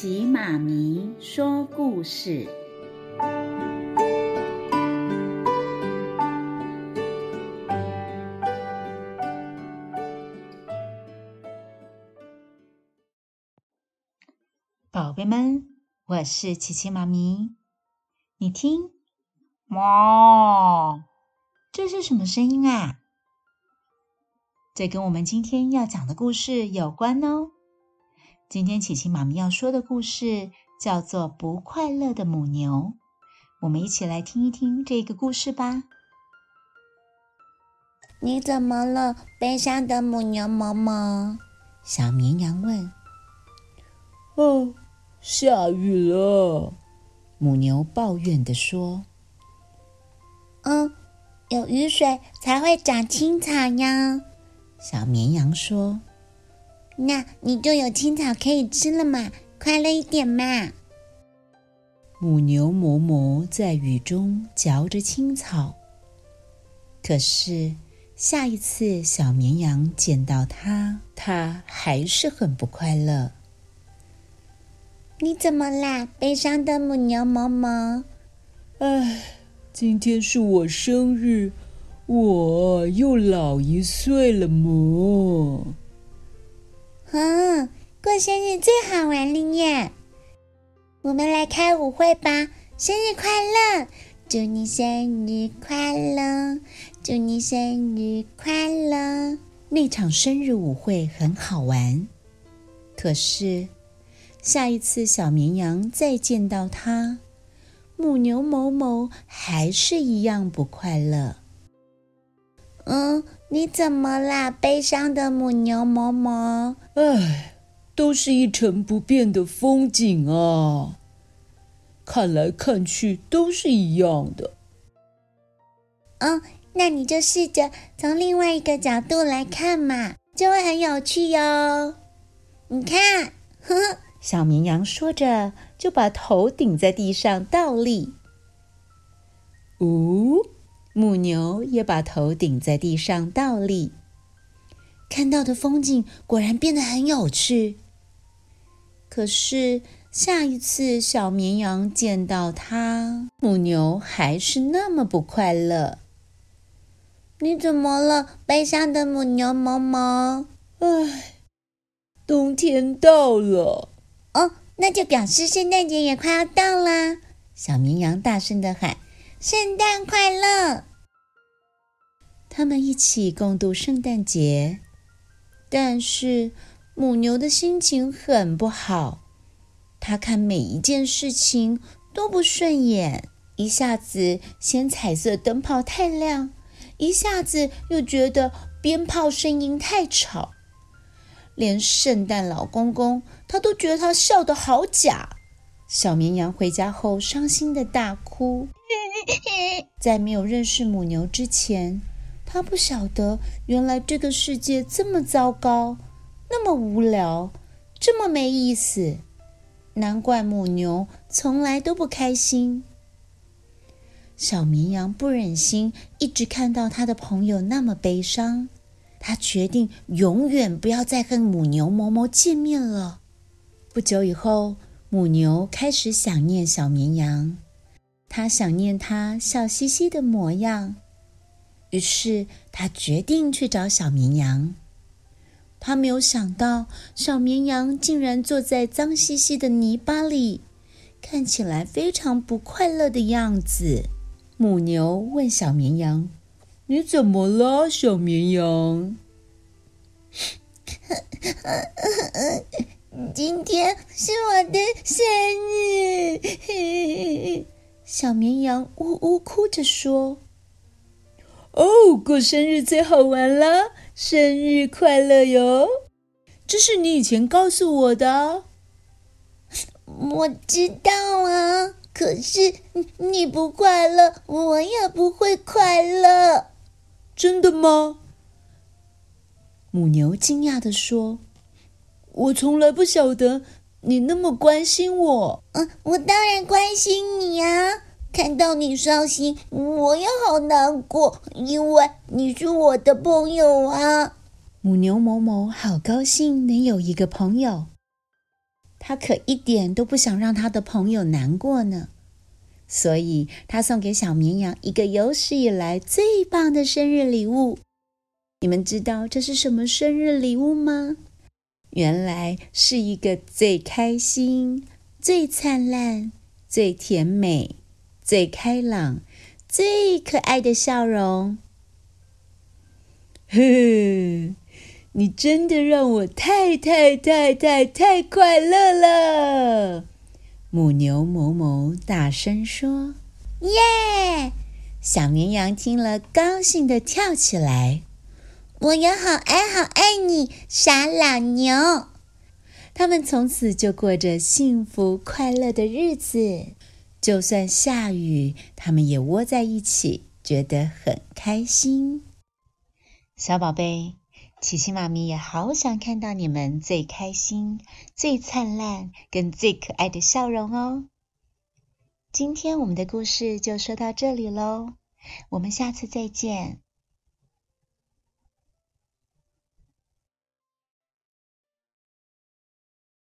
琪媽咪說故事，寶貝們，我是琪琪媽咪。你聽，哇，這是什麼聲音啊？這跟我們今天要講的故事有關哦。今天琪琪媽媽要說的故事叫做《不快樂的母牛》，我們一起來聽一聽這個故事吧。你怎麼了，悲傷的母牛媽媽？小綿羊問。哦，下雨了，母牛抱怨地說。嗯，有雨水才會長青草呀，小綿羊說。那你就有青草可以吃了嘛，快樂一點嘛。母牛哞哞在雨中嚼着青草，可是下一次小綿羊見到她，她還是很不快樂。你怎麼啦，悲傷的母牛哞哞？唉，今天是我生日，我又老一歲了哞。嗯、哦，過生日最好玩了耶！我們來開舞會吧，生日快樂！祝你生日快樂！祝你生日快樂！那場生日舞會很好玩，可是下一次小綿羊再見到他，母牛某某還是一樣不快樂。嗯，你怎麼啦？悲傷的母牛嬤嬤，唉，都是一成不變的風景啊，看來看去都是一樣的。嗯，那你就試着從另外一個角度來看嘛，就會很有趣喲。你看，呵呵，小綿羊說着就把頭頂在地上倒立。哦。母牛也把頭頂在地上倒立，看到的風景果然變得很有趣。可是下一次小綿羊見到它，母牛還是那麼不快樂。你怎麼了？悲傷的母牛萌萌。唉，冬天到了。哦，那就表示聖誕節也快要到了。小綿羊大聲的喊：“聖誕快樂！”他們一起共度聖誕節，但是母牛的心情很不好。它看每一件事情都不順眼，一下子嫌彩色燈泡太亮，一下子又覺得鞭炮聲音太吵，連聖誕老公公他都覺得他笑得好假。小綿羊回家後傷心地大哭。在沒有認識母牛之前。他不曉得，原來這個世界這麼糟糕，那麼無聊，這麼沒意思。難怪母牛從來都不開心。小綿羊不忍心一直看到他的朋友那麼悲傷，他決定永遠不要再和母牛嬤嬤見面了。不久以後，母牛開始想念小綿羊，它想念它笑嘻嘻的模樣。於是他決定去找小綿羊。他沒有想到，小綿羊竟然坐在髒兮兮的泥巴裡，看起來非常不快樂的樣子。母牛問小綿羊：“你怎麼了，小綿羊？”今天是我的生日。 小綿羊嗚嗚哭哭着說。哦，過生日最好玩了，生日快樂喲！這是你以前告訴我的。我知道啊，可是你不快樂，我也不會快樂。真的嗎？母牛驚訝地說：“我從來不曉得你那麼關心我。”嗯，我當然關心你呀、啊。看到你傷心，我也好難過，因為你是我的朋友啊！母牛某某好高興能有一個朋友，他可一點都不想讓他的朋友難過呢，所以他送給小綿羊一個有史以來最棒的生日禮物。你們知道這是什麼生日禮物嗎？原來是一個最開心、最燦爛、最甜美，最開朗、最可愛的笑容，嘿，你真的讓我太太太太太快樂了！母牛哞哞大聲說：“耶！” Yeah! 小綿羊聽了，高興地跳起來：“我也好愛，好愛你，傻老牛。”他們從此就過着幸福快樂的日子。就算下雨，他們也窩在一起，覺得很開心。小寶貝，琪琪媽咪也好想看到你們最開心、最燦爛、跟最可愛的笑容哦。今天我們的故事就說到這裡嘍，我們下次再見。